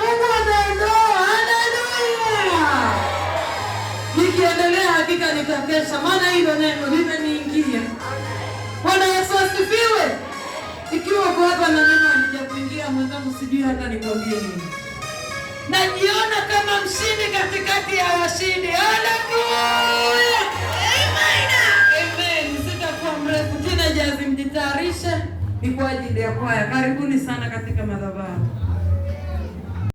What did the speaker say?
Mungu anaondoa. Haleluya! Nikiendelea hakika nitakesha, maana hilo neno limeniingia. Bwana Yesu asifiwe. Ikiwa uko hapa na neno halijakuingia mwenzangu, sijui hata nikwambie nini. Najiona kama mshindi katikati ya washindi. Haleluya! Amen. Sitakuwa mrefu tena, jazi mjitayarishe ni kwa ajili ya kwaya. Karibuni sana katika madhabahu.